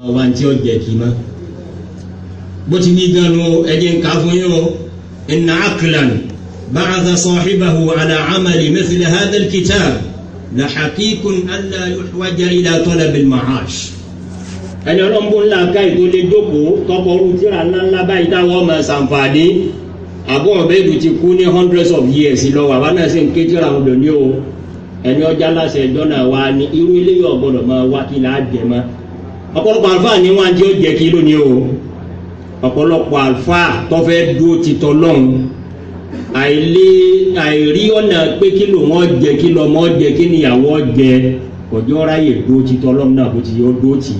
wọn wá tí ó jẹ kì í mọ́ bó ti ní ganu ẹjẹ́ ń ká fún yín o inna aklan ba'atha sahibahu ala amali mithli hadha alkitab la haqiqun alla yuhwaja ila talab alma'ash ẹni ọlọ́mbó ńlá ká ètò lè jókòó tọpọrú tíra ńláńlá báyìí táwọn ọmọ ṣàǹfààní àbọ̀ ọ̀bẹ́dù ti kú ní hundreds of years lọ wà wọn náà sì ń ké tíra wọn lò ní o ẹni ọjà láṣẹ ẹjọ́ náà wá ní irú eléyìí ọ̀gbọ́dọ̀ máa wá kí láàjẹ máa ọ̀pọ̀lọpọ̀ àlùfáà ní wọ́n á jẹ́ òjẹ́ kí lónìí o ọ̀pọ̀lọpọ̀ àlùfáà tó fẹ́ dúró ti tọ́lọ́hún àìlé àìrí ọ̀nà pé kí ló wọ́n jẹ kí lọ́mọ jẹ kí níyàwó jẹ ọjọ́ ráyè dúró ti tọ́lọ́hún náà bó ti yọ dúró tì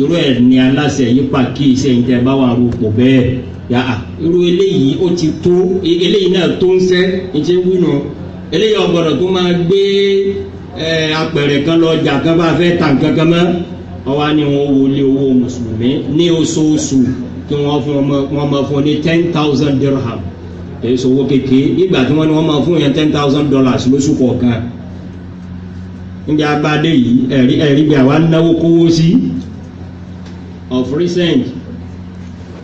irú ẹ̀ ní aláṣẹ yìí pa kí iṣẹ́ yìí tẹ́ bá wà rúpò bẹ́ẹ̀ yà á irú eléyìí ó ti tó eléyìí náà tó ń sẹ́ ní ti wí nù eléyìí ọ̀gbọ̀dọ̀ tó máa gbé apẹ̀rẹ̀ kan lọ ọjà kan bá fẹ́ tà mọ́ ọwá ni wọ́n wọlé owó mùsùlùmí ní oṣooṣù tí wọ́n fún wọn máa fún ní ten thousand dirham èyí sọ̀wọ́ kékeré nígbà tí wọ́n ní wọ́n máa fún yẹn ten thousand dollars lóṣù kọ̀ọ̀kan níbi abáde yìí ẹ̀rí ẹ̀rí bí àwa náwó kówó sí of recent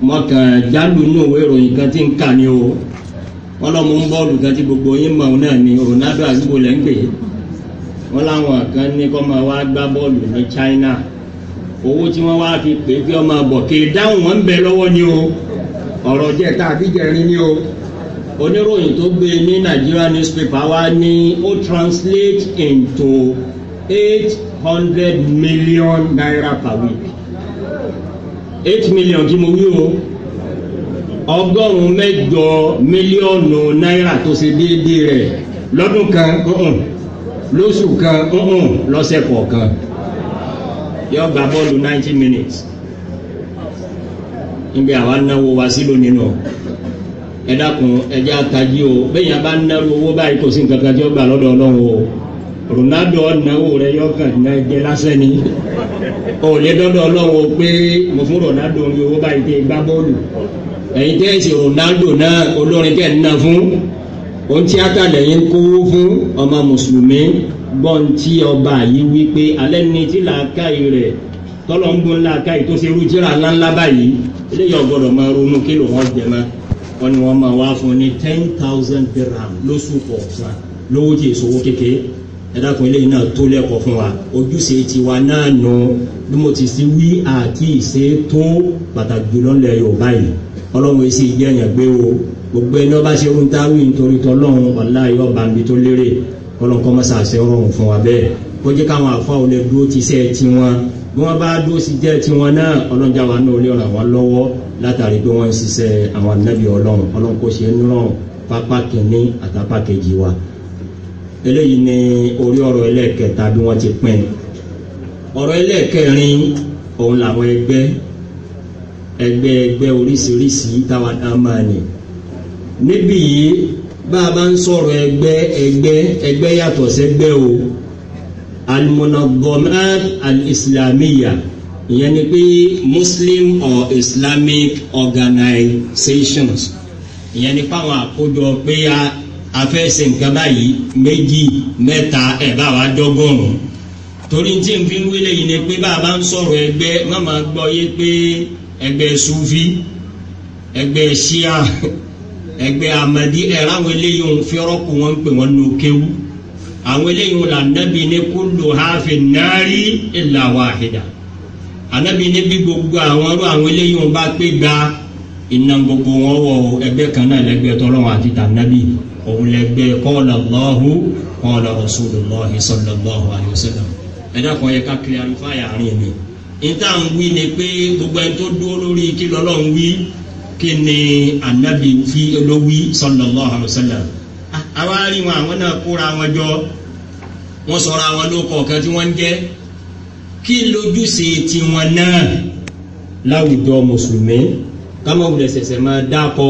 mọ̀kàn jálù nù òwe ìròyìn kan tí ń kà ní o wọ́n lọ́ mú bọ́ọ̀lù kan tí gbogbo yín mọ̀ ọ́n náà ni ronaldo àdúgbò lẹ́ ń pè wọ́n láwọn kan ní kọ́ máa wá gbá bọ́ọ̀lù ní china owó tí wọ́n wá fi pè é kí ọmọ bọ̀ kì í dáhùn wọn bẹ lọ́wọ́ ni o ọ̀rọ̀ jẹ́ tá a fi jẹrin ni o oníròyìn tó gbé e ní Nigeria newspaper wa ni ó translate into eight hundred million naira per week eight million kí mo wí o ọgọ́rùn-ún mẹ́jọ mílíọ̀nù náírà tó ṣe déédéé rẹ̀ lọ́dún kan lóṣù kan lọ́sẹ̀ kọ̀ọ̀kan yóò gba bọ́ọ̀lù 90 minutes níbi àwa náwó wa sílò nínú ẹ dákun ẹjẹ́ àtàjì o bẹ́yìn bá náwó owó báyìí kò sí nǹkan kan tí ó gbà lọ́dọ̀ ọlọ́run o Ronaldo ọ̀nàwó rẹ yóò kàn ní ẹjẹ́ lásán ni o lè dọ́dọ̀ ọlọ́run o pé mo fún Ronaldo ní owó báyìí tẹ́ gbá bọ́ọ̀lù ẹ̀yin tẹ́ ẹ̀sìn Ronaldo náà olórin tẹ́ ẹ̀ ń ná fún ohun tí á tà lẹ́yìn kówó fún ọmọ mùsùlùmí gbọ́n tí ọba yìí wí pé alẹ́ ní tí làákàyè rẹ̀ tọ́lọ́ngbọ́n làákàyè tó ṣe rújìrà ńláńlá báyìí eléyìí ọgbọ́dọ̀ máa ronú kí ló wọ́n jẹ máa wọ́n ni wọ́n máa wá fún ní ten thousand dirham lóṣù kọ̀ọ̀kan lówó tí èso owó kékeré ẹ̀dàkùn eléyìí náà tó lẹ́kọ̀ọ́ fún wa ojúṣe tiwa náà nù bí mo ti sí wí àti ìṣe tó pàtàkì jùlọ ńlẹ̀ yorùbá yìí ọlọ́run èsì kọlọ́nkọ́ mọ́sá àṣẹ rọrùn fún wa bẹ́ẹ̀ kó jẹ́ káwọn àfa ò lè dúró ti sẹ́ ti wọn bí wọ́n bá dúró sí jẹ́ ti wọn náà ọlọ́njà wa náà lè ràn wá lọ́wọ́ látàrí pé wọ́n ń ṣiṣẹ́ àwọn anábì ọlọ́run ọlọ́nkọ́ ṣe ń pápá kìíní àtàpá kejì wa eléyìí ni orí ọ̀rọ̀ ẹlẹ́ẹ̀kẹta bí wọ́n ti pín ọ̀rọ̀ ẹlẹ́ẹ̀kẹrin òun làwọn ẹgbẹ́ ẹgbẹ́ ẹgbẹ́ oríṣiríṣi táwa náà máa nì níbí yìí bá a bá ń sọ̀rọ̀ ẹgbẹ́ ẹgbẹ́ ẹgbẹ́ yàtọ̀ sẹ́gbẹ́ o almunagomat alislamiya ìyẹn ni pé muslim or islamic organizations ìyẹn ni páwọn àkójọ pé a fẹ́ ṣe nǹkan báyìí méjì mẹ́ta ẹ̀ bá wa dọ́gọ́rùn-ún torí tí n fi ń wílé yìí ni pé bá a bá ń sọ̀rọ̀ ẹgbẹ́ má máa gbọ́ yé pé ẹgbẹ́ sufi ẹgbẹ́ shia ẹgbẹ́ amadi ẹ̀rọ àwọn eléyìí ń fiọ́rọ́kù wọn ń pè wọn ní okéwu àwọn eléyìí ń la anabi ní kúlù hafi náírì ìlà wàhídà anabi ní bí gbogbo àwọn ọ̀rọ̀ àwọn eléyìí ń bá pé gba iná gbogbo wọn wọ ẹgbẹ́ kan náà lẹ́gbẹ́ tọ́lọ́wọ́n àti tànàbí òun lẹ́gbẹ́ kọ́ọ̀lá lọ́hù kọ́ọ̀lá rọ̀ṣùlùmọ́ọ̀hì sọ̀lọ́lọ́hù àyọ̀sẹ̀lẹ̀ ẹ̀dá kan yẹ kí ni anabi fi olówí sallallahu alaihi wasallam àwa rí wọn àwọn náà kóra wọn jọ wọn sọra wọn ló kọ̀ọ̀kan tí wọ́n ń jẹ́ kí lójúṣe tiwọn náà láwùjọ mùsùlùmí káwọn wulẹ̀ ṣẹ̀ṣẹ̀ máa dákọ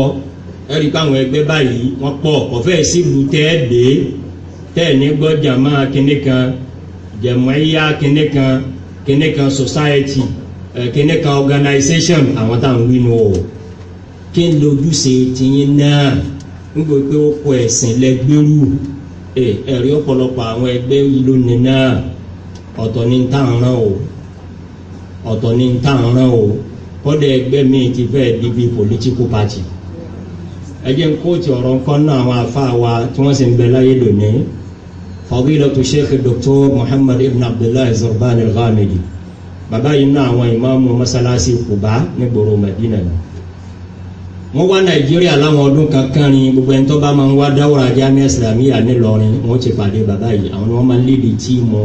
ẹ̀rí káwọn ẹgbẹ́ báyìí wọ́n pọ̀ kọ̀fẹ́ sílùú tẹ́ ẹ́ dé tẹ́ ẹ̀ ní gbọ́ jàmá kinní kan jẹ̀mọ́yá kinní kan kinní kan society eh, kinní kan organisation àwọn táwọn wí nù o kí n lójúṣe tiyín náà ń gbọ́ pé ó kọ ẹ̀sìn lẹ́gbẹ́rú ẹ̀rí ọ̀pọ̀lọpọ̀ àwọn ẹgbẹ́ lónìí náà ọ̀tọ̀ ní táwọn náà o ọ̀tọ̀ ní táwọn náà o kọ́dà ẹgbẹ́ míì ti fẹ́ di bíi political party ẹ jẹ́ ń kóòtù ọ̀rọ̀ nǹkan náà àwọn àfáà wa tí wọ́n sì ń bẹ láyé lónìí fadilatu sheikh dr muhammad ibn abdullahi zurbani al bàbá yìí náà àwọn ìmáàmù mọ́sálásí Kùbá nígboro Madina ni wọ́n wá nàìjíríà láwọn ọdún kankan rin gbogbo ẹni tó bá máa ń wá dáwọ́ra jamiu islamiyah nílọrin wọ́n ti pàdé bàbá yìí àwọn ni wọ́n máa ń léde tíìmù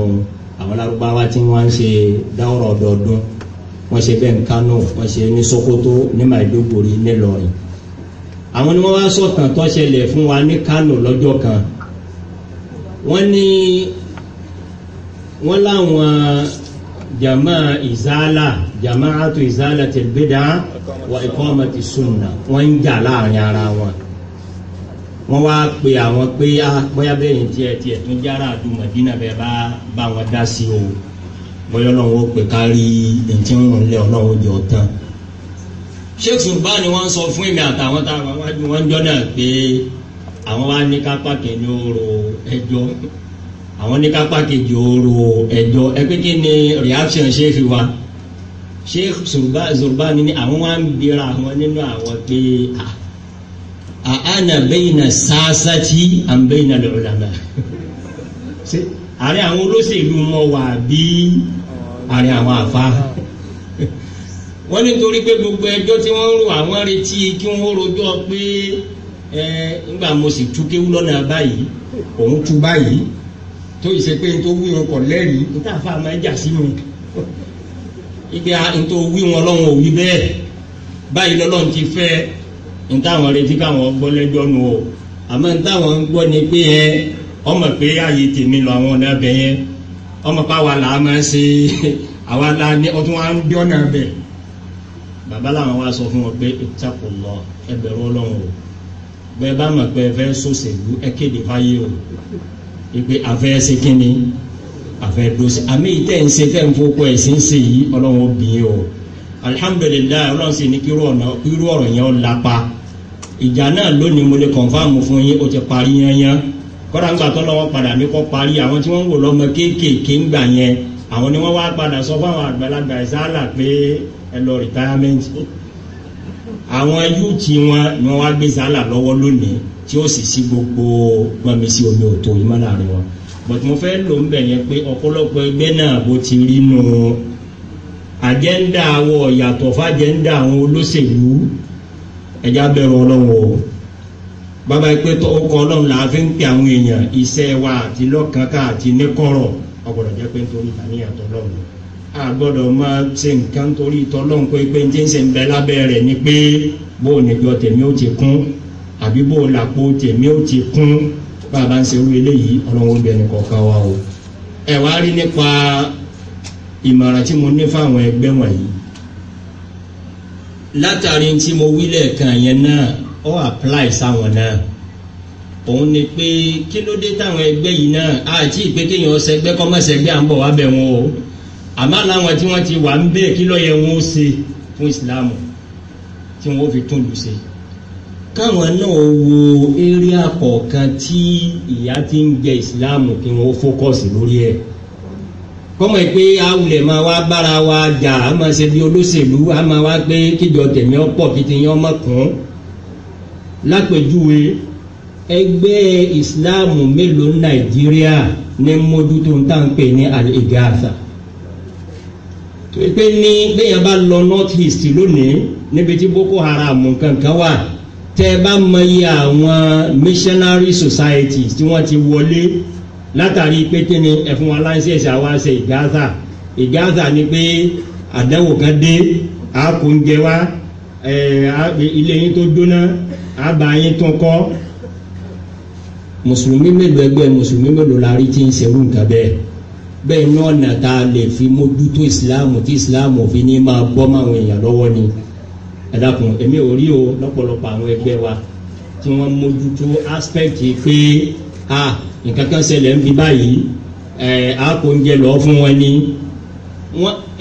àwọn lárúbáwá tí wọ́n ń ṣe dáwọ́ra ọdọọdún wọ́n ṣe bẹ́ẹ̀ ní kánò wọ́n ṣe ní sokoto ní maiduguri nílọrin àwọn ni wọ́n wá sọ̀tàn tó ṣẹlẹ̀ fún wa ní kánò lọ́jọ́ kan wọ́n ní wọ́n láwọn jamaa izala jamaa tu izala tilbida wa ikomati sunna wọn ń jà láàrin ara wọn wọn wá pe àwọn pé ah, bóyá bẹ́ẹ̀ tiẹ̀ tiẹ̀ tó jára àdúmọ̀dínà bẹ́ẹ̀ bá bá wọn dá sí o bóyá ọlọ́run ó pè kárí ẹ̀ǹtí wọn lé ọlọ́run jọ tán sheikh sulba ni wọ́n sọ fún èmi àtàwọn táwọn wájú wọn jọ náà pé àwọn wá ní kápákẹ́ ní oòrùn ẹjọ́ àwọn ní kápá kejì oòrò ẹjọ ẹgbẹ́ kí ni reaction ṣe fi wa sheikh zurbani ni àwọn wá ń bira àwọn nínú àwọn pé àánà bẹ́yìnà sáásátì àbẹ́yìnà lọ́lọ́lá àárín àwọn olóṣèlú mọ wà bí àárín àwọn àfa wọ́n ní torí pé gbogbo ẹjọ́ tí wọ́n ń rò àwọn retí kí wọ́n rojọ́ pé ẹ nígbà mo sì tú kéwú lọ́nà báyìí òun tú báyìí tó ìṣe pé n tó wí wọn kọ lẹ́rìí n tà fà máa jà sínú ìgbé n tó wí wọn lọ́wọ́ òwí bẹ́ẹ̀ báyìí lọ́lọ́run ti fẹ́ n táwọn retí káwọn gbọ́ lẹ́jọ́ nu o àmọ́ n táwọn ń gbọ́ ni pé ẹ ọmọ pé ààyè tèmi lọ àwọn ọ̀nà bẹ̀ yẹn ọmọ pa wà láà máa ṣe àwa la ní ọtún wa ń bí ọ̀nà bàbá làwọn wá sọ fún wọn pé ìtàkùn lọ ẹgbẹ̀rún ọlọ́run o bẹ́ẹ̀ bá mọ̀ pé ẹ fẹ́ sọ̀ṣèlú ẹ kéde fáyé o ìpè àfẹ́ ṣe kí ni àfẹ́ dóṣe àmì ìtẹ́ ń ṣe tẹ́ ń fowópọ̀ ẹ̀sìn ṣe yìí ọlọ́run obìnrin o alihamudulilayi ọlọ́run sì ní kírú ọ̀rọ̀ yẹn ó lapa ìjà náà lónìí mo lè kọ̀nfàmù fún yín ó ti parí yanyan kọ́ra ńgbà tó lọ́wọ́ padà ní kọ́ parí àwọn tí wọ́n ń wò lọ́mọ kéékèèké ńgbà yẹn àwọn ni wọ́n wá padà sọ fún àwọn àgbàlagbà ìsáàlà pé ẹ lọ retirement àwọn yúùtì wọn ni wọn wá gbé sálà lọ́wọ́ lónìí tí ó sì sí gbogbo gbọmí sí omi òtò yìí mọ́nà rẹ̀ wọn bọ̀tí mo fẹ́ lò ń bẹ̀ yẹn pé ọ̀pọ̀lọpọ̀ ẹgbẹ́ náà bó ti rí nu àjẹ́ńdà àwọ̀ yàtọ̀ fàjẹ́ńdà àwọn olóṣèlú ẹ̀já bẹ̀rù ọlọ́run o bàbá ìpè tó ọkọ̀ ọlọ́run là á fi ń pè àwọn èèyàn iṣẹ́ wa àti lọ́kànkà àti níkọ̀rọ̀ ọ̀gbọ̀dọ̀ jẹ́ pé nítorí ìtàníyàn tó a gbọ́dọ̀ máa ṣe nǹkan torí tọ́lọ́n pé pé ní ṣe ń bẹ lábẹ́ rẹ̀ ni pé bó o nìjọ tèmi ó ti kún àbí bó o làpò tèmi ó ti kún bá a bá ń ṣe irú eléyìí ọlọ́run ó bẹ ní kọ̀ọ̀kan wa o. ẹ wá rí nípa ìmọ̀ràn tí mo ní fáwọn ẹgbẹ́ wọ̀nyí látàrí tí mo wí lẹ́ẹ̀kan yẹn náà ó apply sáwọn náà òun ni pé kí ló dé táwọn ẹgbẹ́ yìí náà àti ìpè kéèyàn ọ̀sẹ̀ ẹgbẹ́ kọ́mọ̀sẹ̀ ẹgbẹ́ à ń bọ̀ wá bẹ̀ wọn o àmọ́ láwọn tí wọ́n ti wà ń bẹ́ẹ̀ kí lọ́yẹ wọn ó se fún ìsìláàmù tí wọ́n fi tún lù se káwọn náà wo eré àkọ̀ọ̀kan tí ìyá ti ń jẹ ìsìláàmù kí wọ́n fókọ̀sì lórí ẹ̀ kọ́mọ̀ pé àwùlẹ̀ máa wá bára wa jà á máa ṣe bí olóṣèlú á máa wá pé kíjọ tẹ̀mí ọ̀pọ̀ kí ti yan mọ̀kún lápẹ̀júwe ẹgbẹ́ ìsìláàmù mélòó nàìjíríà ní mójútó ń tà ń pè ní àlè ìgáàsà pé ní bẹ́yàn bá lọ north east lónìí níbi tí boko haram kankan wà tẹ́ bá mọyì àwọn missionary societies tí wọ́n ti wọlé látàrí pé kí ni ẹ̀fún wa láńsẹ̀sì àwa ṣe ìgáza ni pé àdánwò kan dé àkóúnjẹ wa ilé yín tó jóná àbá yín tó kọ́ mùsùlùmí mélòó ẹgbẹ́ mùsùlùmí mélòó la rí tí ń ṣerú nǹkan bẹ́ẹ̀ bẹ́ẹ̀ ní ọ̀nà tá a lè fi mójútó ìsìláàmù tí ìsìláàmù fi ní máa bọ́ máwọn èèyàn lọ́wọ́ ni ẹ̀dàkùn èmi ò rí o lọ́pọ̀lọpọ̀ àwọn ẹgbẹ́ wa tí wọ́n mójútó aspect pé a nǹkan kan ṣẹlẹ̀ ń bi báyìí ẹ̀ a kò ń jẹ lọ fún wọn ni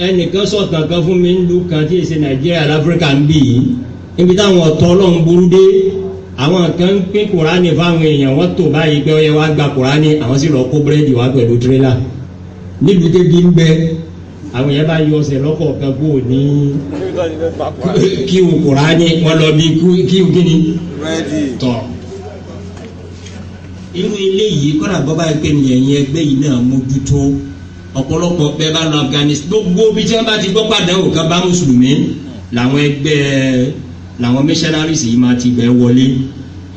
ẹnìkan sọ̀tàn kan fún mi ń lu kan tí èsì nàìjíríà láfíríkà ń bì yìí níbi táwọn ọ̀tọ̀ ọlọ́run burú dé àwọn kan ń pín kùránì fáwọn èèyàn wọ́n tò báyìí pé ó yẹ gba kùránì àwọn sì lọ kó búrẹ́dì wá pẹ̀lú tírélà níbi tẹ́bi ń bẹ àwọn yẹn bá yọ ọsẹ lọ́kọ̀ọ̀kan kó ní kí n kura ní wọn lọ bí kí n kíni tọ. irú eléyìí kọ́nà bọ́ báyìí pé nìyẹn yẹn ẹgbẹ́ yìí náà mójútó ọ̀pọ̀lọpọ̀ bẹ́ẹ̀ bá lọ Afghanistan gbogbo bí tí wọ́n bá ti gbọ́ pàdé òkan bá mùsùlùmí làwọn ẹgbẹ́ làwọn missionaries yìí máa ti bẹ̀ wọlé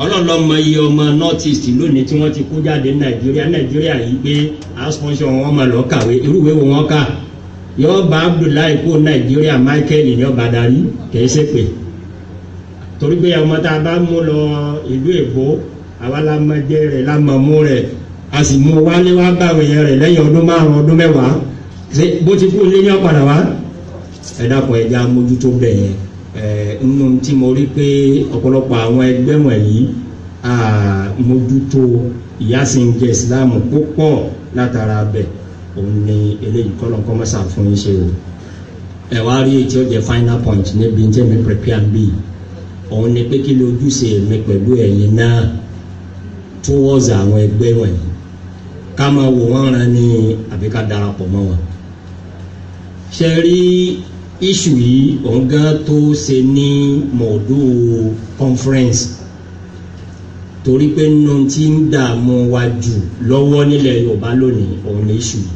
ọlọ́lọ́mọ iye ọmọ north east lónìí tí wọ́n ti kó jáde nàìjíríà nàìjíríà yìí pé asọ́nṣọ́ wọn máa lọ kàwé irúwé wo wọn kà yọ bá abdullahi kó nàìjíríà michael ní ọba darí kìí ṣe pé torí pé ọmọ tá a bá mú lọ ìlú èkó àwa la mọ jẹ rẹ la mọ mú rẹ a sì mú wálé wá bá àwọn èèyàn rẹ lẹ́yìn ọdún márùn ọdún mẹ́wàá bó ti kú lé ní ọ̀padà wá ẹ̀dá kan ẹ̀dá mójútó bẹ̀ yẹn. Eh, nínú tí mo rí pé ọ̀pọ̀lọpọ̀ àwọn ẹgbẹ́ wọ̀nyí àmójútó ìyáṣẹ́ńjẹ ìsìláàmù púpọ̀ látara bẹ̀ òun ni eléyìí kọ́ lọ́n fún yín ṣe o ẹ wá rí èyí tí final point níbi tí mi prepare bí òun ni pé kí lójúṣe mi pẹ̀lú ẹ̀yin náà towards àwọn ẹgbẹ́ wọ̀nyí ká máa wò wọ́n rán ní àbí ká darapọ̀ mọ́ wọn ṣe rí iṣu yìí òun gan tó ṣe ní mọ̀ọ́dù conference torí pé nínú tí ń dààmú wa jù lọ́wọ́ nílẹ̀ yorùbá lónìí òun ní iṣu yìí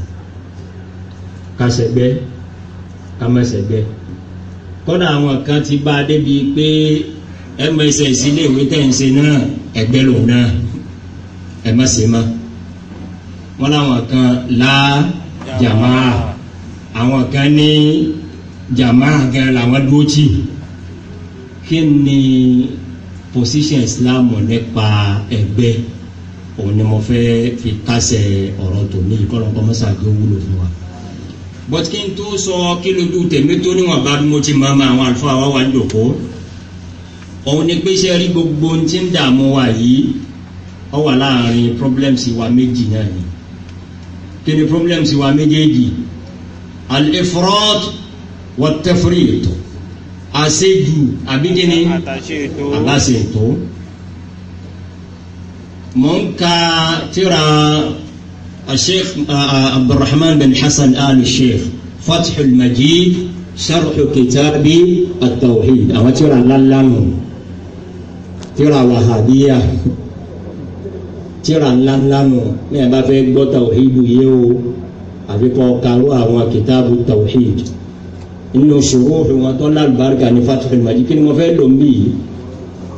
kásẹ̀gbẹ́ kámẹ́sẹ̀gbẹ́ kọ́dà àwọn kan ti bá a débi pé mss iléèwé tẹ̀sí náà ẹgbẹ́ lòun náà ẹ má ṣe mọ́ wọn làwọn kan lá àwọn kan ní. Jamaah gan làwọn dúró tì kí ni position islam nípa ẹgbẹ́ òun ni mo fẹ́ fi kásẹ̀ ọ̀rọ̀ tòní ìkọlọ́kọ́ mọ́sàgbé wúlò fún wa bọ́tí kí n tó sọ kí lójú tèmi tó níwọ̀n bá mo ti máa ma àwọn àlùfáà wá wà ń jòkó òun ni pé iṣẹ́ rí gbogbo ohun tí ń dààmú wa yìí ọ wà láàrin problems wa méjì náà ni kí ni problems wa méjèèjì al-ifrad wọ́tẹ́fúrí ètò àṣejù àbígíní àbáṣe ètò mọ̀ ń ka tíra الشيخ عبد الرحمن بن حسن آل الشيخ فتح المجيد شرح كتاب التوحيد أو ترى للم ترى وهابية tíra ńlá ńlá nù ní ẹ bá fẹ́ gbọ́ tawhid yìí o àfi kọ́ karú àwọn kìtàbù tawhid inú ṣòwòrò wọn tọ́ lálùbáríkà ní fatihul madi kí ni mo fẹ́ lò ń bì yìí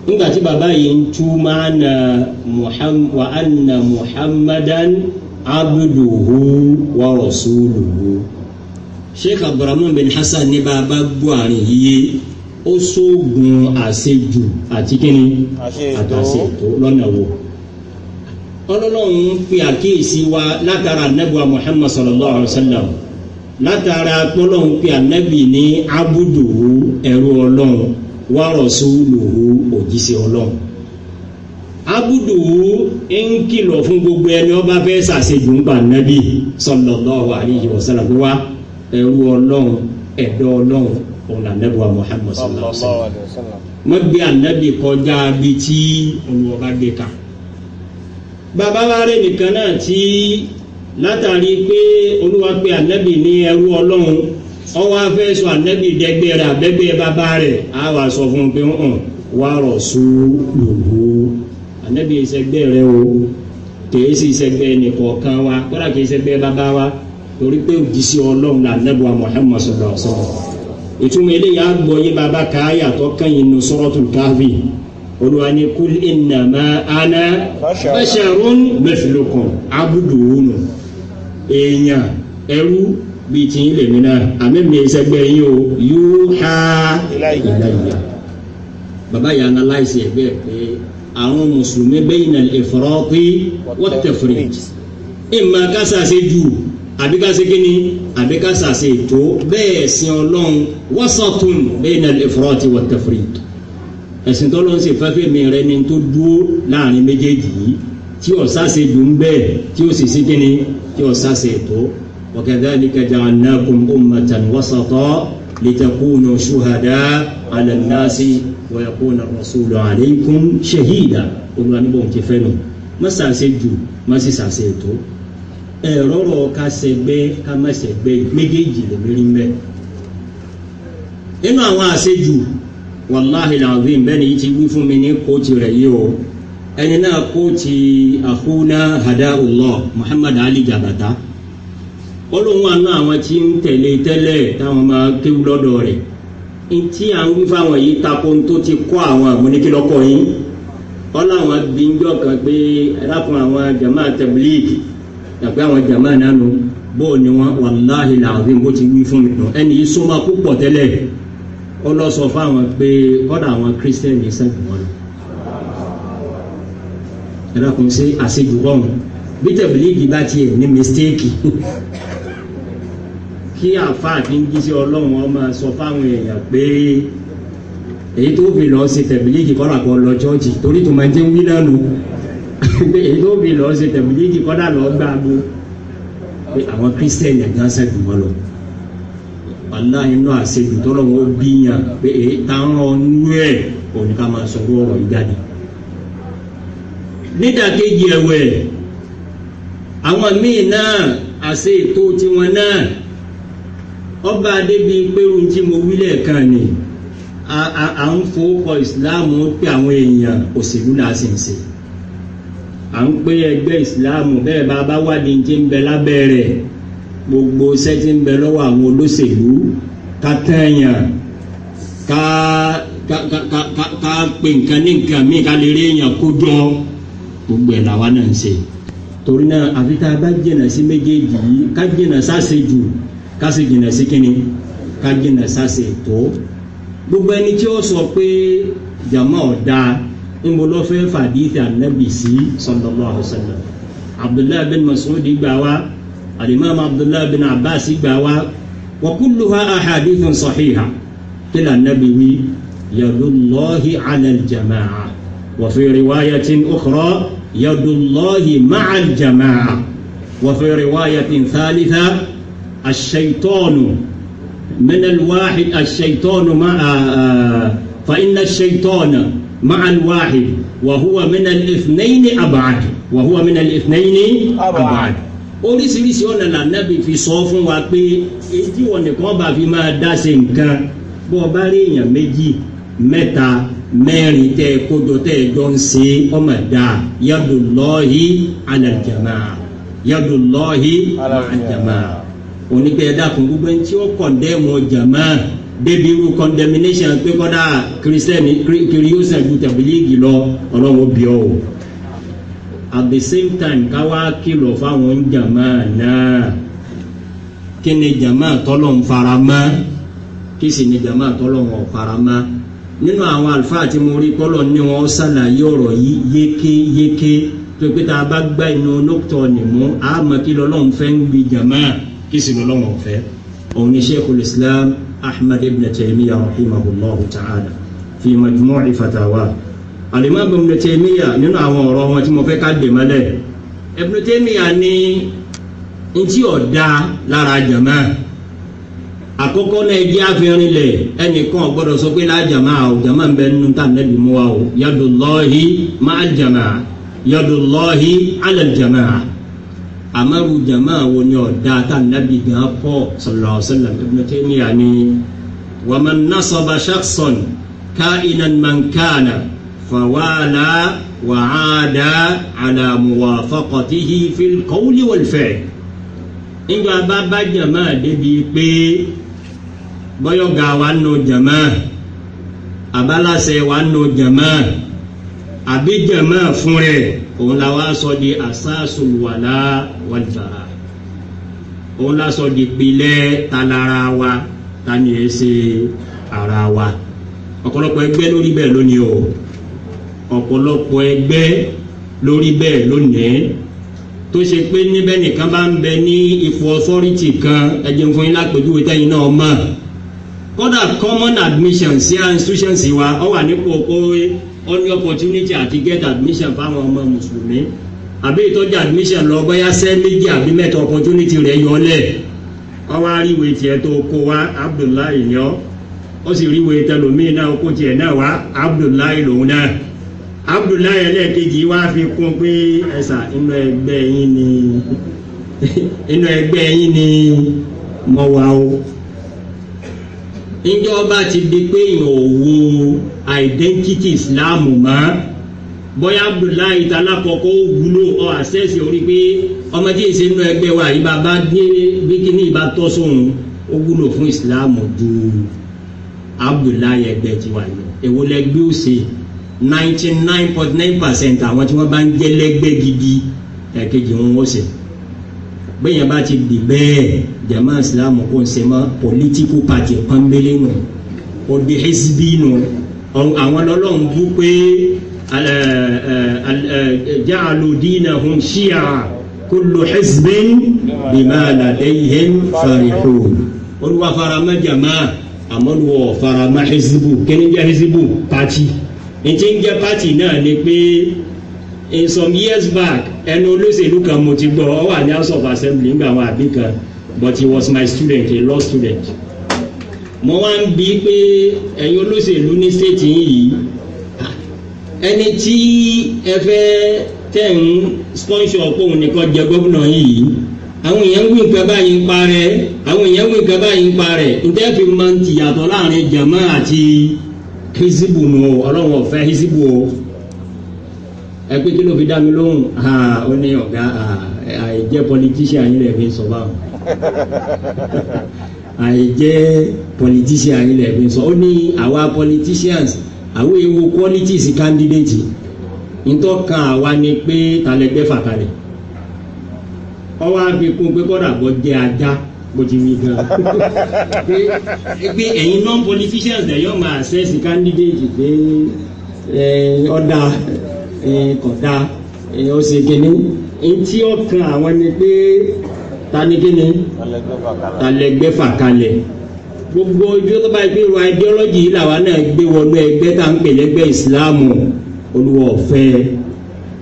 nígbà tí bàbá yìí ń tú máa na wa anna muhammadan abduhu wa rasuluhu sheikh abdulrahman bin hasan ní bàbá gbọ́ àrùn yìí ó sóògùn àṣejù àti kíni àtàṣe lọ́nà wo ọlọ́lọ́run ń pe àkíyèsí wa látara nebua muhammad sallallahu alayhi wa sallam látara pọ́lọ́hún pé ànábì ní abúdùwú ẹ̀rú ọlọ́run wárọ̀ sóòlùwú òjíṣẹ́ ọlọ́run abúdùwú ń kìlọ̀ fún gbogbo ẹni ọba fẹ́ sàṣejù ń bà nábì sọlọ́lọ́wọ́ àríyí ọ̀sán àgbé wá ẹ̀rú ọlọ́run ẹ̀dọ́ ọlọ́run òun ànábì wa muhammed sọlọ́lọ́wọ́ wọ́n gbé ànábì kọjá bí tí olùwọ́ba gbé ka bàbá wa rẹ̀ nìkan náà tí látàrí pé olúwa pé ànẹ́bì ní ẹrú ọlọ́run ọwọ́ afẹ́ sọ ànẹ́bì dẹgbẹ́ rẹ̀ àbẹ́gbẹ́ bàbá rẹ̀ á wà sọ fún un pé hàn wà rọ̀ sí lòwó ànẹ́bì ìṣẹ́gbẹ́ rẹ̀ o kìí sì ṣẹgbẹ́ nìkọ̀ọ̀kan wa kọ́dà kìí ṣẹgbẹ́ bàbá wa torí pé òjíṣẹ́ ọlọ́run là ànẹ́bì wa muhammad sọ̀rọ̀ sọ̀rọ̀ ìtumọ̀ eléyà gbọ́yé bàbá káyà tó kẹ́yìn nù sọ́rọ́tù káfí olùwà ní kúl ìnàmá àná bàṣàrún mẹ́fìlókùn abúdùwúnù èèyàn ẹrú bíi ti ń lèmi náà àmẹ́mi ìṣẹ́gbẹ́ yín o yóò ha ìlàyà bàbá yà analyze ẹ̀ bẹ́ẹ̀ pé àwọn mùsùlùmí bẹ́yìn náà ìfọ̀rọ́pí wọ́n tẹ̀fọ̀rẹ̀ ìmọ̀ kásá ṣe jù àbí ká ṣe kíni àbí ká ṣàṣe ètò bẹ́ẹ̀ sin ọlọ́run wọ́sọ̀tún bẹ́yìn náà ìfọ̀rọ́pí wọ́n tẹ̀fọ̀rẹ̀ ẹ̀sìn tọ́lọ́run sì fẹ́ fẹ́ mi rẹ ni tó dúró láàrin méjèèjì yìí tí ó sáse dùn bẹ́ẹ̀ tí ó sì sí kíni tí ó sáse tó wa kadhalika ja'alnakum ummatan wasata litakunu shuhada 'ala an-nasi wa yakuna ar-rasulu 'alaykum shahida olúwa níbo ń ti fẹ́ nù má sáse jù má sì sáse tó ẹ̀rọ rọ̀ ká sẹgbẹ́ ká má sẹgbẹ́ méjèèjì lè mérí mẹ́ nínú àwọn àṣejù wàláhìlà àwìn bẹ́ẹ̀ ni ti wí fún mi ní kóòtù rẹ̀ yìí o ẹni náà kó ti àkúná hadahulọ muhammad ali jabata ó lóun wà náà àwọn tí ń tẹ̀lé tẹ́lẹ̀ táwọn máa kéwú lọ́dọ̀ rẹ̀ ntí à ń wí fáwọn yìí tako tó ti kọ́ àwọn àmúnikílọ́kọ̀ yín ó láwọn bí ń jọ kan pé alákùn àwọn jama tabligh tàbí àwọn jama nánu bóò ni wọn wàláhì làwọn bó ti wí fún mi nù ẹni yìí súnmọ́ púpọ̀ tẹ́lẹ̀ ó lọ sọ fáwọn pé kọ́dà àwọn kírísítẹ́nì sẹ́kùn wọn lọ ẹ̀rọ kò ń ṣe àṣejù rọrùn bí tẹ̀bílíìgì bá tiẹ̀ ní mistéèkì kí àfáà kí ń jíṣẹ́ ọlọ́run ọmọ sọ fáwọn èèyàn pé èyí tó fi lọ ṣe tẹ̀bílíìgì kọ́dà kọ́ lọ chọ́ọ̀chì torí tó máa ń jẹ́ wí náà nù èyí tó fi lọ ṣe tẹ̀bílíìgì kọ́dà lọ gbà lọ pé àwọn kírísítẹ̀nì àjánsẹ̀ jù wọ́n lọ wàlá inú àṣejù tọ́lọ́wọ́ bíyàn pé èyí táwọn ọ̀nú ẹ̀ òní ká máa sọ̀rọ̀ ọ̀rọ̀ yìí nídàkejì ẹ̀wẹ̀ àwọn míì náà àṣẹ ètò tiwọn náà ọba adébi pẹ̀lú tí mo wílẹ̀ kan ni à ń fowópọ̀ ìsìláàmù pé àwọn èèyàn òṣèlú náà sì ń ṣe à ń pé ẹgbẹ́ ìsìláàmù bẹ́ẹ̀ bá bá gbogbo iṣẹ́ tí ń bẹ lọ́wọ́ àwọn olóṣèlú ká ká ká ká ká nǹkan ní nǹkan gbogbo ẹ̀ làwa náà ń ṣe torí náà àfi tá a bá jìnà sí méjèèjì yìí ká jìnà sáṣe jù ká sì jìnà sí kínní ká jìnà sáṣe tó gbogbo ẹni tí ó sọ pé jàmá ọ̀dà ń bo lọ́ fẹ́ fàdíìtì ànábì sí sallallahu bin mas'udi gbà wá alimami abdullahi bin abbas gbà wa kulluha ahadithun sahiha kí ni ànábì wí yadullahi ala al-jama'a wa fi riwayatin ukhra yadullahi ma'al jama'a wa fi riwayatin thalitha ash-shaytanu min al-wahid ash-shaytanu ma'a fa inna ash-shaytana مع الواحد وهو من الاثنين أبعد وهو من الاثنين أبعد oríṣiríṣi ọ̀nà lànàbì fi sọ fún wa pé èyí wọn nìkan bá fi máa dá ṣe nǹkan bó o bá rí èèyàn méjì mẹ́ta mẹ́rin tẹ́ kójọ tẹ́ jọ ń se ọmọ ẹ̀dá yadullahi ala jamaa yadullahi ala jamaa onígbẹ́ ẹ̀dàkùn gbogbo ẹni tí ó kọ̀ndẹ́mù jamaa débi irú condemnation pé kọ́dà kírísítẹ́nì kìrìyósẹ̀ ju tẹ̀bílíìgì lọ ọlọ́run bí ọ at the same time káwá kìlọ̀ fáwọn jamaa náà kí ni jamaa tọ́lọ̀ ń fara mọ́ kí sì ni jamaa tọ́lọ̀ ń fara mọ́ nínú àwọn àlùfáà tí mo rí kọ́lọ̀ ní wọn ṣàlàyé ọ̀rọ̀ yìí yékéyéké tó pé tá a bá gbá inú dókítà nìmú a mọ̀ kí lọ́lọ́run fẹ́ ń gbi jàmá kí sì lọ́lọ́run fẹ́ òun ni sheikhul islam ahmad ibn taymiya rahimahullahu ta'ala fi majmu'i fatawa alimami ibn taymiya nínú àwọn ọ̀rọ̀ wọn tí mo fẹ́ ká dè mọ́lẹ̀ ibn taymiya ní ntí ọ̀dà lára jàmá àkọ́kọ́ náà jẹ́ àfihàn lẹ̀ ẹnìkan gbọ́dọ̀ sọ pé lájàmá o jàmá ń bẹ nínú tá nẹ́bí mú wa o yadullahi máa jàmá yadullahi alal jàmá àmàrù jàmá wo ni ọ̀dá tá nẹ́bí gan pọ̀ sallallahu alaihi wasallam ibn Taymiyyah ni wa man nasaba shakhsan ka'inan man kana fawala wa 'ada ala muwafaqatihi fil qawli nígbà bá bá jàmá débi pé bọ́yọ̀gà wa nù jẹ̀mọ́ àbálàṣẹ wa nù jẹ̀mọ́ àbí jẹ̀mọ́ fún rẹ̀ òun la wá sọ di àsáàsù wàlá wàlìbàrà òun la sọ di pilẹ̀ talara wa tani ẹ̀ ṣe ara wa ọ̀pọ̀lọpọ̀ ẹgbẹ́ lórí bẹ́ẹ̀ lónìí o ọ̀pọ̀lọpọ̀ ẹgbẹ́ lórí bẹ́ẹ̀ lónìí tó ṣe pé níbẹ̀ nìkan bá ń bẹ ní ipò authority kan ẹ̀jẹ̀ fún yín lápèjúwe tẹ́yìn náà mọ̀ kódà common admission sí institutions wa ọ wà nípò pé ó opportunity àti get admission fáwọn ọmọ mùsùlùmí àbí ìtọ́jú admission lọ bóyá sẹ́ méjì àbí mẹ́ta opportunity rẹ̀ yọlẹ̀ ọwọ́ àríwé tiẹ̀ tó kó wa abdullahi ni ọ́ ó sì ríwé tẹlòmíì náà kó tiẹ̀ náà wá abdullahi lòun náà abdullahi ẹlẹ́ẹ̀kejì wá fi kún pé ẹ̀sà inú ẹgbẹ́ yín ni inú ẹgbẹ́ yín ni mo wà o njẹ́ ọba ti di pé èèyàn ò wo identity islam mọ́ bóyá abdullahi talakọ̀kọ́ wúlò ọ àṣẹ́sì orí pé ọmọ tí èsì inú ẹgbẹ́ wa yìí bàbá dé bí kíní ìbá tọ́ sóhun ó wúlò fún islam ju abdullahi ẹgbẹ́ tiwa yìí èwo lẹgbẹ́ òsè ninety nine point nine percent àwọn tí wọ́n bá ń jẹ́ lẹ́gbẹ́ gidi ẹ̀kejì wọn ó sèé bẹ́yẹn bá ti dì bẹ́ẹ̀ jama islam kò ń se political party pọ́nbélé nù òdi hezbi nù àwọn lọ́lọ́run bú pé eh, eh, jaalu diina hun shia kullu hezbin bima ladayhim farihu olùwà farama jama àmọ́lùwọ̀ farama hezbu kẹ́ni jẹ́ hezbu party ntí ń jẹ́ party náà ni pé in some years back ẹnu olóṣèlú kan mo ti gbọ́ ọ wà ní house of assembly nígbà àwọn àbí kan but he was my student a law student mo wá ń bi pé ẹ̀yin olóṣèlú ní state yìí ẹni tí ẹ fẹ́ tẹ̀ ń sponsor kóun nìkan jẹ gómìnà yìí àwọn èèyàn ń wí nǹkan báyìí ń parẹ́ àwọn èèyàn ń wí nǹkan báyìí ń parẹ́ ǹjẹ́ fi máa ń tìyàtọ̀ láàrin jama àti hisibu nù ọlọ́run ọ̀fẹ́ hisibu o ẹgbẹ́ kí ló fi dá mi lóhùn ó ní ọ̀gá àìjẹ́ politician yín lè fi sọ báwọn àìjẹ́ politician yín lè fi sọ ó ní àwa politicians àwọn ewu qualities candidate ntọ́ka àwa ni pé talẹ́gbẹ́ fàkalẹ̀ ọwọ́ àfikún pé kọ́dà bọ́ jẹ́ ajá bó ti wí gan pé ẹ̀yin non politicians dẹ̀ yọ̀ máa assess candidate pé ọ̀dà. Eh, kọ̀dá ó ṣe kíní etí ọ̀kan àwọn ni pé ta ni kíni talẹgbẹ́ fà kalẹ̀ gbogbo ojú tó bá gbé wa ideology yìí làwa náà gbé wọnú ẹgbẹ́ tá à ń pè lẹ́gbẹ́ ìsìláàmù olúwa ọ̀fẹ́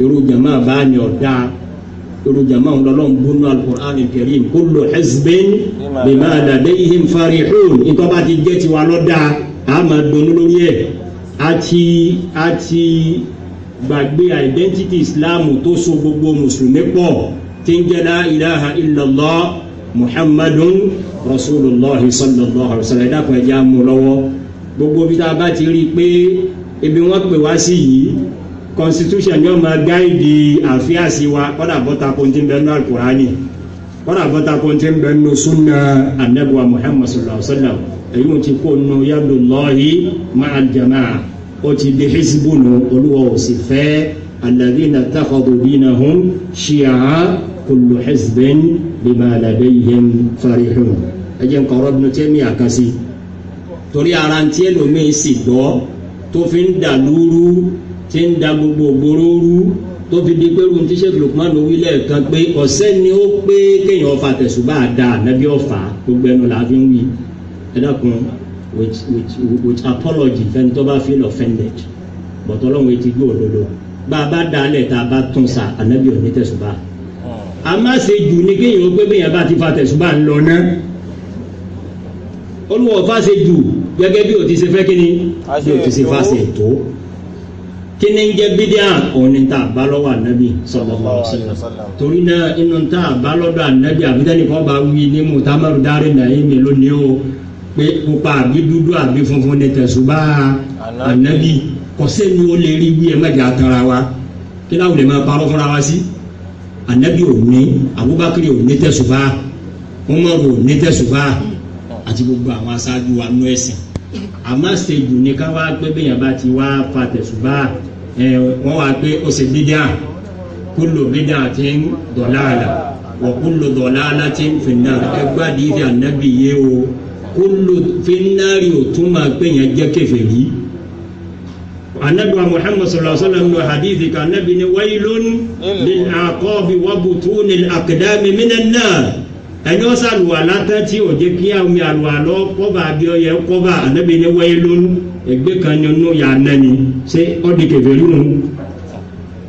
irú jama bá ní ọ̀dá irú jama ń lọ́lọ́ ń búnú alukur'an karim kullu hizbin bima ladayhim farihun nítorí bá ti jẹ́ tiwa lọ́dá a lórí ẹ̀ àti àti gbàgbé identity islam tó so gbogbo mùsùlùmí pọ̀ tí ń jẹ́ la ilaha illallah muhammadun rasulullah sallallahu alaihi wasallam ẹ̀dàkùn ẹ̀já mú lọ́wọ́ gbogbo bí ta bá ti rí i pé ibi wọ́n pè wá sí yìí constitution yóò máa gáìdì àfíàsí wa kọ́dà bọ́ta pọ́ntì ń bẹ nínú alukurani kọ́dà bọ́ta pọ́ntì ń bẹ nínú sunna anabuwa muhammad sallallahu alaihi wasallam èyí wọn ti kó nù yadullahi ma'al jama'a ó ti di hezbonu olúwa ò sì fẹ́ alladhina takhadu dinahum shi'a kullu hezbin bima ladayhim farihun ẹjẹ́ nǹkan ọ̀rọ̀ bínú tẹ́mi àkàsí torí ara ń tí ẹlòmíín sì gbọ́ tó fi ń dà lúrú tí ń da gbogbo ògbóró rú tó fi di pé ruhun tí sèkì lukman lẹ́ẹ̀kan pé ọ̀sẹ́ ni ó pé kéèyàn ọ̀fà tẹ̀sùbà dáa nàbí ọ̀fà gbogbo ẹnu làá fi ń wí ẹ dákun with with with apology fẹ́ni tó bá feel offended but ọlọ́run etí gbé òdodo bá a bá da alẹ̀ tá a bá tún sa ànábì òní tẹ̀sùbá a má ṣe jù ní kéèyàn ó pé bẹ́yàn bá ti fa tẹ̀sùbá ń lọ ná olùwọ̀ fa ṣe jù gẹ́gẹ́ bí o ti ṣe fẹ́ kí ni bí o ti ṣe fa ṣe tó kí ń jẹ́ bídíà òun tá a bá lọ́wọ́ ànábì sallallahu alaihi wasallam torí náà inú tá a bá lọ́dọ̀ ànábì àbúdá nìkan bá wí ní mùtámàrú dárẹ́ nàá pé pupa àbí dúdú àbí funfun ni tẹ̀sùbá ànábì kọ̀sẹ́ ni ó lè rí wí ẹ̀ mẹ́jọ àtàrà wa kí láwùjọ máa parọ́ fúnra wa sí ànábì ò ní Abubakar ò ní tẹ̀sùbá Umar ò ní tẹ̀sùbá àti gbogbo àwọn aṣáájú wa nú ẹ̀sìn àmọ́ ṣèjù ni ká wá pé bẹ́yàn bá ti wá fa tẹ̀sùbá ẹ̀ wọ́n wá pé ó ṣe bídíà kúlò bídíà ti ń dọ̀láàlà wọ̀ kúlò dọ̀láàlà ti ń fìnnà ẹgbàdìí ti ànábì yé o kúlù fínárì ò tún máa pé yẹn jẹ́ kèfèrí anabi wa muhammad sallallahu alaihi wa sallam wa hadithi ka anabi ni wailun lil aqabi wa butunil aqdami minan nar ẹni ó sàlùwàlá tán tí ò jẹ́ kí àwọn àlùwàlọ́ kọ́ba bí ó yẹ kọ́ba anabi ni wailun ẹgbẹ́ kan nínú yà nẹ́ni ṣé ó di kèfèrí nù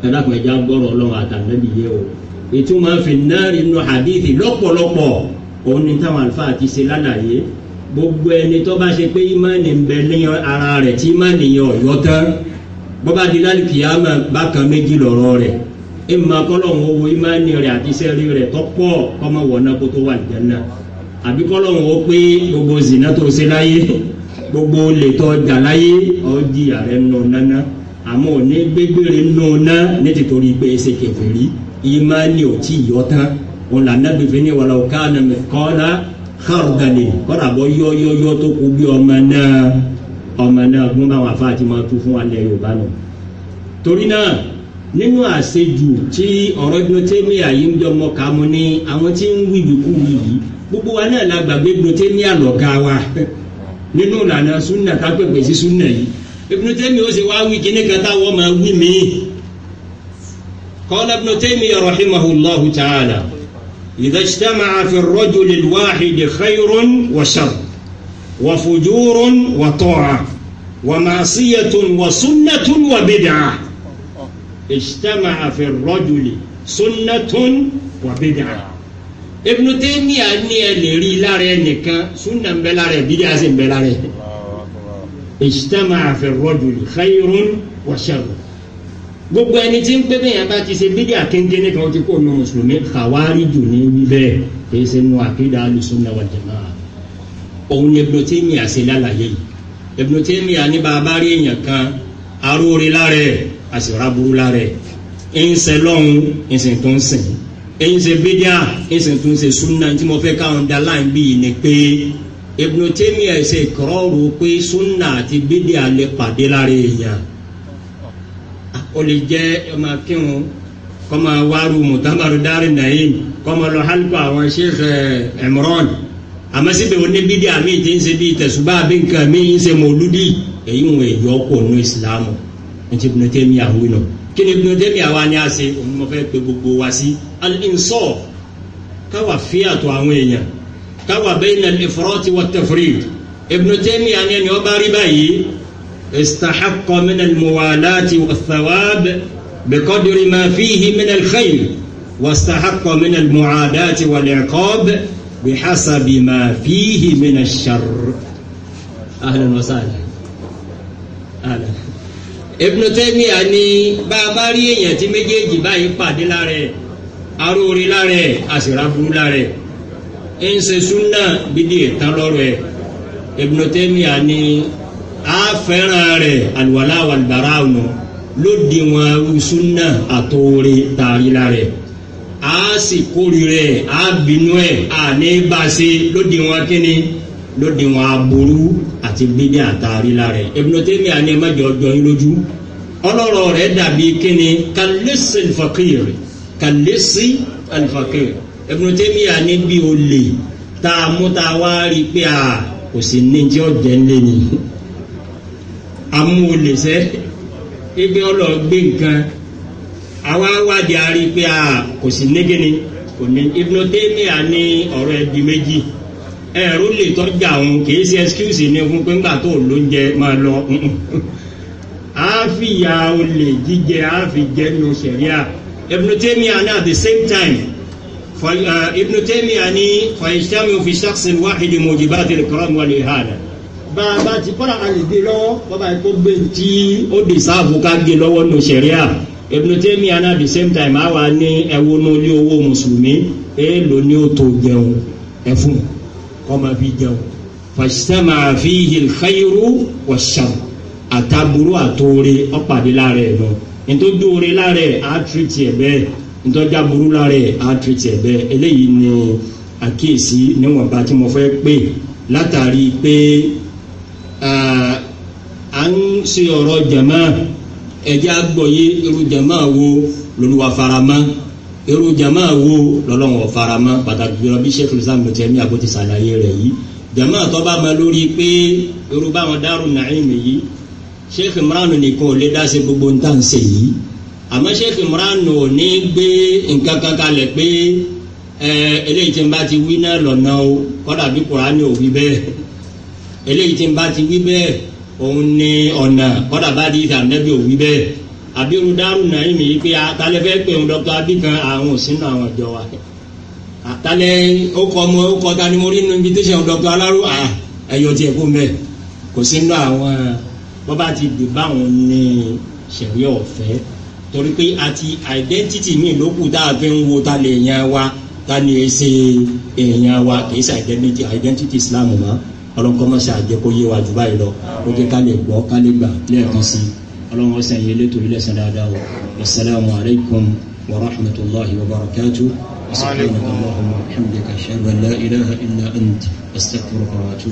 ẹ̀dàkùn ẹ̀já gbọ́rọ̀ ọlọ́run àtàlẹ́bí yẹ o ìtumọ̀ fi náà nínú hadithi lọ́pọ̀lọpọ̀ òun ni táwọn àlùfáà ti ṣe lánàá yìí gbogbo ẹni tó bá ṣe pé ìmánì ń bẹ ní ara rẹ̀ tí ìmánì yẹn ọ̀yọ́ tán bó bá di lálùkìyàmà bákan méjì lọ̀rọ̀ rẹ̀ ìmọ̀ kọ́lọ́hún owó ìmánì rẹ̀ àti sẹ́rí rẹ̀ tọ́pọ̀ kọ́mọ wọ̀nà kó tó wà nìjẹ́nà àbí kọ́lọ́hún ó pé gbogbo zìnà tó ṣe láyé gbogbo olè tó dà láyé ọjì ààrẹ nù nánà àmọ́ òní gbégbére nù ná ní tìtorí gbé ṣe kẹfẹ́ rí ìmánì ò tí yọ tán òun kárùgànì kọ́nà bọ́ yọ́yọ́yọ́ tó kú bí ọmọ náà ọmọ náà fún báwọn afá àti máa tú fún wa lẹ yorùbá náà torí náà nínú àṣejù tí ọ̀rọ̀ Ibn yìí ń jọmọ ká mu ní àwọn tí ń wí ìwìkú yìí gbogbo wa náà la gbàgbé Ibn Taymiyyah wa nínú ìlànà súnà tápẹ̀pẹ̀ sí súnà yìí Ibn ó sì wá wí kíní kan táwọn máa wí mí qala Ibn Taymiyyah إذا اجتمع في الرجل الواحد خير وشر وفجور وطاعة ومعصية وسنة وبدعة اجتمع في الرجل سنة وبدعة ابن تيمية أني لا لارنك سنة بلارة بدعة بلارة اجتمع في الرجل خير وشر gbogbo ẹni tí ń pé bẹ́ẹ̀ yẹn bá ti ṣe bídí àkéńté ní kan ti kó nu mùsùlùmí kàwárí jù ní bíbẹ́ kì í ṣe nu àkéńdá alùsùnà wà jẹ̀mọ́ òun ni ebùnú tí mi à ṣe lálàyé yìí ebùnú tí mi à ní bá a bá rí èèyàn kan aróore lára ẹ̀ àṣìwárá burú lára ẹ̀ ń ṣe lọ́hùn ń sìn tó ń sìn ń ṣe bídí à ń sìn tó ń ṣe súnà tí mo fẹ́ káwọn da láì bí ni pé ebùnú tí mi à ṣe kọ́rọ́ọ̀rù ó lè jẹ́ ọmọ kírun kọ́mọ wàrú mùtàmàrú dárí nàìm kọ́mọ lọ hálùkọ́ àwọn sheikh eh, Imran àmọ́ síbẹ̀ ó ní bídí àmì tí ń ṣe bíi tẹ̀sùbá àbí nǹkan mi ń ṣe mọ̀lúdì èyí ń wọ̀ èyí ọkọ̀ nù ìsìlámù ní ti Ibn Taymiyyah àwọn ìnà kí ni Ibn Taymiyyah ni a ṣe òun mo fẹ́ gbogbo wa sí al káwa fíyàtọ̀ àwọn èèyàn káwa bayna al-ifrat wa at-tafrit Ibn Taymiyyah àni ẹni ọba rí báyìí استحق من الموالاة والثواب بقدر ما فيه من الخير واستحق من المعاداة والعقاب بحسب ما فيه من الشر أهلا وسهلا أهلا Ibn Taymiyyah ni bá a bá rí èèyàn tí méjèèjì báyìí pàdé lára ẹ̀ aróore lára ẹ̀ àṣìráburú lára ẹ̀ ń ṣe súnà bídìí ìtàn lọ́rọ̀ ẹ̀ Ibn Taymiyyah ni á fẹ́ràn rẹ̀ àlùwàlá àlùbárà ọ̀nà lóde wọn rúṣúnà àtòore tààrílà rẹ̀ á sì kórìíra ẹ̀ á bínú ẹ̀ á ní bá a ṣe lóde wọn kíni lóde wọn aburú àti bídí àtàrílà rẹ̀ Ibnu Taymiyya ni ẹ má jẹ ọjọ́ yín lójú ọlọ́rọ̀ rẹ̀ dàbí kíni kàlẹ́sì alfakiri kàlẹ́sì alfakiri Ibnu Taymiyya ni bí olè tá a mú tá a wá rí pé kò sí ní jẹ́ ọ̀jẹ̀ ńlẹ́ ni amúolèsẹ́ pé ọlọ́ gbé nǹkan àwa wádìí a rí i pé a kò sí négéni kò ní ibùdó tẹ́míà ní ọ̀rọ̀ ẹbí méjì ẹ̀rú lè tọ́jà òun kìí ṣe excuse ní fún pé ńgbà tó lóúnjẹ máa lọ àáfíà olè jíjẹ àáfíjẹ ní òṣèríà ibùdó ní at the same time uh, ibùdó tẹ́míà ní fàyíṣàmì òfin ṣàkṣin wáhìdì mọ̀jìbá tẹ̀lé kọ́rọ̀ wọlé hàdà bàbá ti kọ́ra a lè gé lọ́wọ́ bàbá yìí kó gbé e. tí ó dì sáàfù ká gé e lọ́wọ́ nù sẹ̀ríà ebùnútẹ́mí àná the same time àwa ní ẹwọ́nú ilé owó mùsùlùmí èèlò ni ó tó jẹun ẹfun kọ́mọ bí jẹun fàṣítẹ́mà fi hìl xayiru wọ̀ṣàm àtàbúrú àtòrè ọ̀pàdé lára ẹ̀ lọ nítorí oore lára ẹ̀ á tìrìtì ẹ̀ bẹ́ẹ̀ nítorí aburú lára ẹ̀ á tìrìtì ẹ̀ bẹ́ẹ̀ eléyìí ni àkíyèsí níwọ̀nba tí mo fẹ́ pè látàrí pé à ń ṣe ọ̀rọ̀ jama ẹ̀jẹ̀ àgbọ̀yé irú jama wo lolúwa farama irú jama wo lọ́lọ́wọ́ farama pàtàkì jùlọ bí sheikh rizal ló ti ẹ̀mí àbótí sàlàyé rẹ̀ yìí jama tó bá ma lórí pé irú báwọn Daaru Naim yìí sheikh imran nìkan ò lè dá ṣe gbogbo ń tà ń yìí àmọ́ sheikh imran ò ní gbé nǹkan kan kalẹ̀ pé eléyìí tí n bá ti wí náà lọ́nà o kọ́dà bí kùránì ò wí bẹ́ẹ̀ eléyìí tí n bá ti wí bẹ́ẹ̀ òun ni ọ̀nà kọ́dà bá di ìfẹ́ ànẹ́bí òwí bẹ́ẹ̀ àbírú dárú náà mi pé atalẹ́ fẹ́ pé òun dr abikan àwọn òsínú àwọn ìjọ wa atalẹ́ ó kọ́ ọmọ ó kọ́ ta ni mo rí inú invitation dr aláró à ẹ̀yọ tiẹ̀ kó mẹ́ kò sínú àwọn bọ́bá ti dè báwọn ní sẹ̀rí ọ̀fẹ́ torí pé àti identity mi ló kù tá a fi ń wo ta lè wa ta ni èsè èèyàn wa kì í ṣe identity islam mọ́ ọlọ́kọ́mọ́ sí àjẹkó yé wa jù báyìí lọ ó jẹ́ ká lè gbọ́ ká lè gbà lẹ́ẹ̀kan sí ọlọ́run ọ̀sẹ̀ yìí lẹ́tọ̀ ilé ẹ̀sẹ̀ dáadáa o asalaamu alaykum wa rahmatulahi wa barakatu wa sallallahu alaykum wa rahmatulahi wa barakatu.